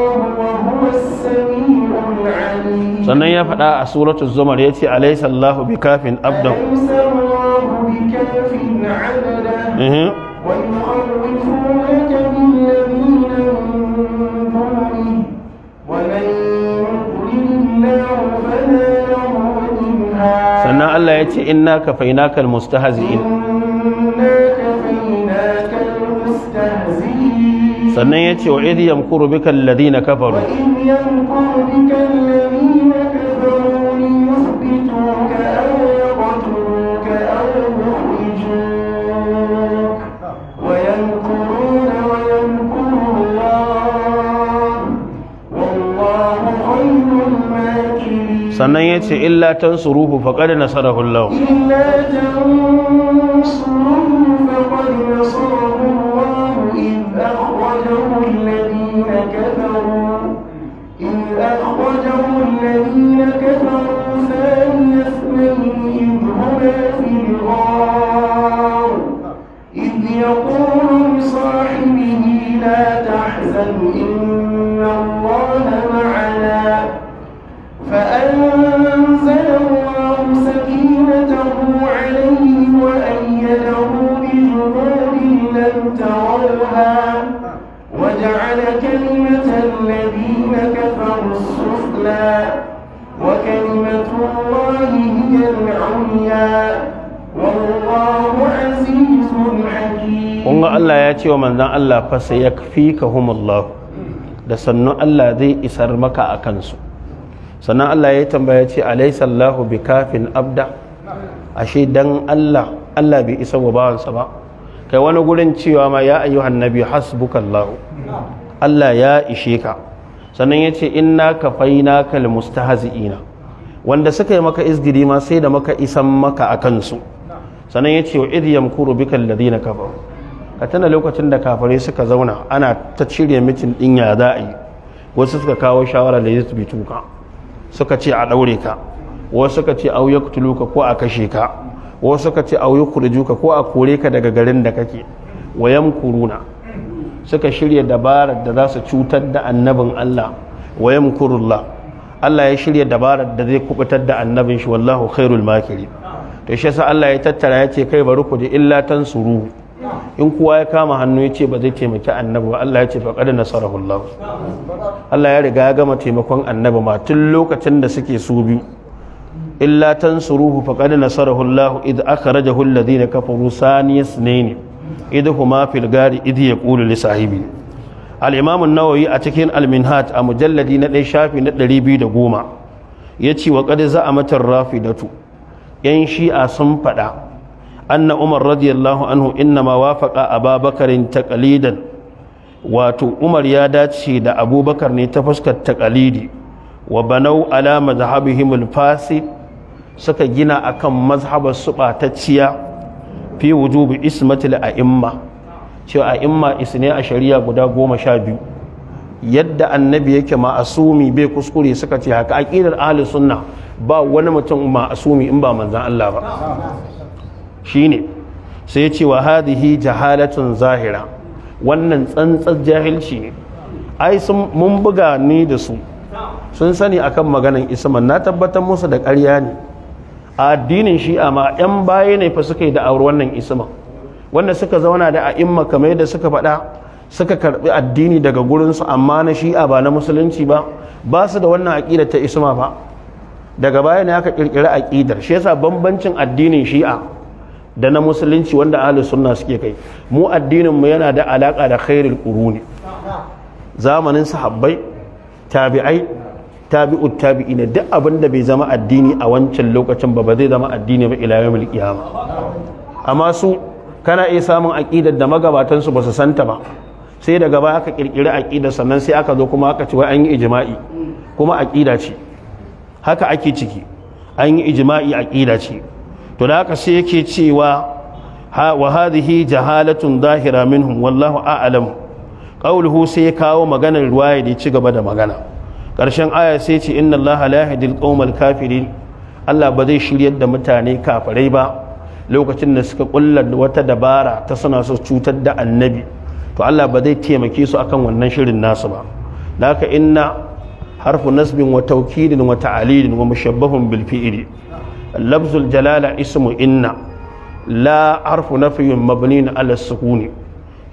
sannan ya faɗa a suratul zumar ya ce alaysa Allahu bikafin abdan alaysa Allahu bikafin abdan mhm. sannan Allah ya ce inna kafainaka almustahzi'in sannan ya ce wa idh yamkuru bika alladhina kafaru wa idh sannan ya ce illa tan suruhu faƙad na sarahun lau يقول صاحبه لا تحزن إن الله السفلى وكلمة الله هي العليا والله عزيز حكيم قلنا الله ياتي ومن ذا الله فسيكفيكهم الله da sannu Allah zai isar maka a kansu sannan Allah ya tambaya ce alaisallahu bi kafin abda ashe dan Allah Allah bai isa wa bawansa ba kai wani gurin cewa ma ya ayyuhan nabi hasbukallahu Allah ya ishe ka sannan ya ce yace na na kal hazi'ina wanda suka yi maka izgiri ma sai da maka isan maka a kansu sannan ya ce wa idh yamkuru kalladi na kafa ka tana lokacin da kafare suka zauna ana ta cire mitin din ya za'i wasu suka kawo shawara da tuka. suka ce a ɗaure ka wasu suka ce au kutuluka ko a kashe ka wasu suka ce au yukhrijuka ko a kore ka daga garin da kake wayamkuruna suka shirya dabarar da za su cutar da annabin Allah wa yamkurullah Allah ya shirya dabarar da zai kubutar da annabin shi wallahu khairul makiri to shi yasa Allah ya tattara ya ce kai bari ku ji illa tansuru in kowa ya kama hannu ya ce ba zai taimaki annabi ba Allah ya ce faqad nasarahullah Allah ya riga ya gama taimakon annabi ma tun lokacin da suke su biyu illa tansuruhu faqad nasarahullah id akhrajahu alladhina kafaru saniyas ne idhuma fil gari idh yaqulu li sahibi al-imam an-nawawi a cikin al-minhaj a mujalladi na ɗaya shafi na 210 yace wa qad za'amat ar-rafidatu yan shi'a sun fada anna umar radiyallahu anhu inma wafaqa ababakarin taqlidan wato umar ya dace da abubakar ne ta fuskar taqalidi wa banau ala madhhabihim al-fasid suka gina akan mazhabar suɓatacciya? fi wujubi ismatil a'imma cewa a'imma isne a shari'a guda goma sha biyu yadda annabi yake ma'asumi bai kuskure suka ce haka aqidar ahli sunna ba wani mutum ma'asumi in ba manzon Allah ba shine sai ya ce wa hadhihi jahalatun zahira wannan tsantsar jahilci ne ai sun mun buga ni da su sun sani akan maganan isman na tabbatar musu da ƙarya ne a addinin shi'a ma 'yan baya ne fa suka yi da auri wannan isma wanda suka zauna da a'imma kamar yadda suka faɗa suka karɓi addini daga gurinsu amma na shi'a ba na musulunci ba ba su da wannan aƙidar ta isma ba daga baya ne aka ƙirƙiri aƙidar shi yasa bambancin addinin shi'a da na musulunci wanda ahlus sunna suke kai mu addinin mu yana da alaƙa da khairul quruni zamanin sahabbai tabi'ai tabi'u tabi'ina duk abin da bai zama addini a wancan lokacin ba ba zai zama addini ba ila yawmil qiyama amma su kana iya samun aqidar da magabatan su ba su santa ba sai daga baya aka kirkiri aqidar sannan sai aka zo kuma aka ci wai an yi ijma'i kuma aqida ce haka ake ciki an yi ijma'i aqida ce to da haka sai yake cewa wa hadhihi jahalatun zahira minhum wallahu a'lam qawluhu sai kawo maganar ruwaya da ci gaba da magana ƙarshen aya sai ce inna allaha la yahdil kafirin Allah ba zai shiryar da mutane kafirai ba lokacin da suka kulla wata dabara ta suna su cutar da annabi to Allah ba zai taimake su akan wannan shirin nasu ba laka inna harfu nasbin wa tawkidin wa ta'alilin wa mushabbahun bil fi'li lafzul jalala ismu inna la harfu nafiyun mabniun ala sukuni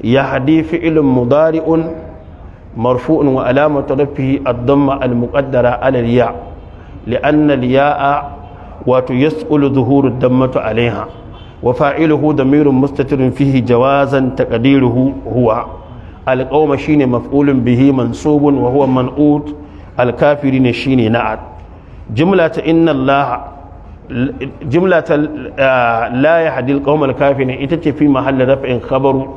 yahdi fi'lun mudari'un مرفوع وعلامة رفعه الضمة المقدرة على الياء لأن الياء وتيسأل ظهور الضمة عليها وفاعله ضمير مستتر فيه جوازا تقديره هو القوم شين مفعول به منصوب وهو منقوط الكافرين شين نعت جملة إن الله جملة لا يهدي القوم الكافرين إتت في محل رفع خبر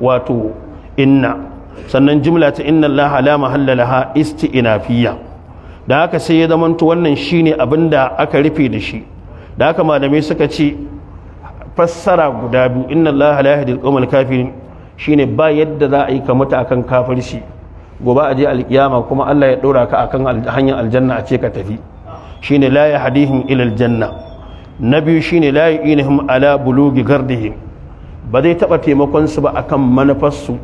واتو إن sannan jumla ta inna allaha la mahalla laha isti'nafiyya da haka sai ya zamanto wannan shine da aka rufe da shi da haka malamai suka ce fassara guda biyu inna allaha la yahdi al kafirin shine ba yadda za a yi ka mutu akan kafirci gobe a je alkiyama kuma Allah ya dora ka akan hanyar aljanna a ce ka tafi shine la yahdihim ila aljanna na biyu shine la yu'inhum ala bulugi gardihim ba zai taba taimakon su ba akan su.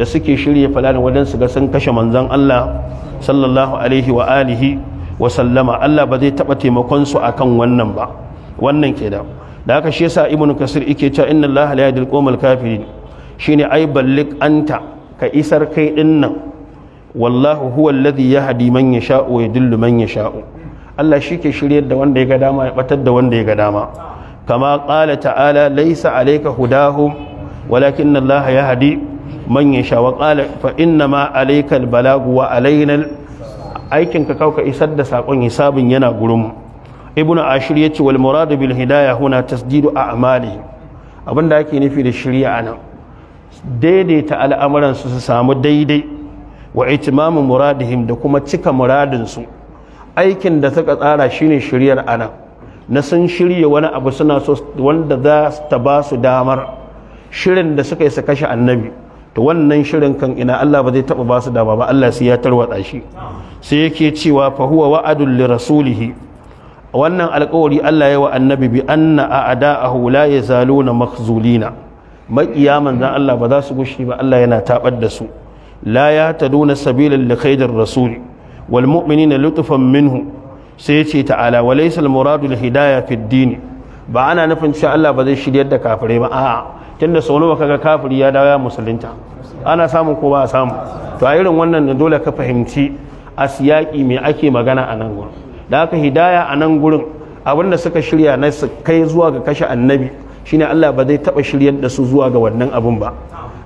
da suke shirya falalin wajen su ga sun kashe manzon Allah sallallahu alaihi wa alihi wa sallama Allah ba zai taba taimakon su akan wannan ba wannan ke da da haka shi yasa ibnu kasir yake cewa inna Allah la yahdil qawmal kafirin shine ai ballik anta ka isar kai dinnan wallahu huwa alladhi yahdi man yasha'u wa yudillu man yasha'u Allah shi ke shiryar da wanda ya ga dama ya batar da wanda ya ga dama kama ƙala ta'ala laisa alaika hudahum walakin Allah ya hadi man sha wa qala fa inna wa alaina aikin ka kauka isar da sakon hisabin yana gurin ibnu ashir yace wal muradu bil hidayah huna tasdidu a a'mali abinda ake nufi da shirya anan daidaita al'amuran su samu daidai wa itimamin muradihim da kuma cika muradinsu aikin da suka tsara shine shiryar a nan. na sun shirya wani abu suna so wanda za ta ba su damar shirin da suka yi su kashe annabi to wannan shirin kan ina Allah ba zai taba ba su dama ba Allah sai ya tarwatsa shi sai yake cewa fa huwa wa'adul li rasulihi wannan alƙawari Allah ya wa annabi bi anna a'da'ahu la yazaluna makhzulina maƙiya manzan Allah ba za su gushi ba Allah yana tabar da su la ya taduna sabilan li khaydir rasuli wal mu'minina lutfan minhu sai ya ce ta'ala wa laysa al muradu al hidayah din ba ana nufin cewa Allah ba zai shiryar da kafirai ba a'a tunda sau nawa kaga kafiri ya dawo ya musulunta ana samu ko ba a samu to a irin wannan da dole ka fahimci a siyaki me ake magana a nan gurin da haka hidaya a nan gurin abinda suka shirya na su kai zuwa ga kashe annabi shine Allah ba zai taba shiryar da su zuwa ga wannan abun ba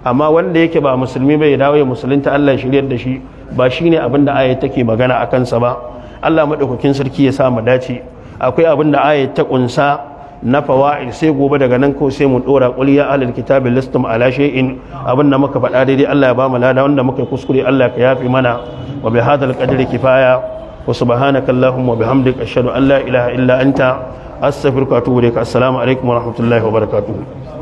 amma wanda yake ba musulmi bai dawo ya musulunta Allah shiryar da shi ba shine abinda ayat take magana a kansa ba Allah madaukakin sarki ya sa mu dace akwai abinda ayat ta kunsa na fawaid sai gobe daga nan ko sai mu dora qul ya ahlul kitabi lastum ala shay'in abin da muka faɗa daidai Allah ya ba mu lada wanda muka kuskure Allah ka yafi mana wa bi hadal qadri kifaya wa subhanaka allahumma wa bihamdika ashhadu an la ilaha illa anta astaghfiruka wa atubu ilaik assalamu alaikum wa rahmatullahi wa barakatuh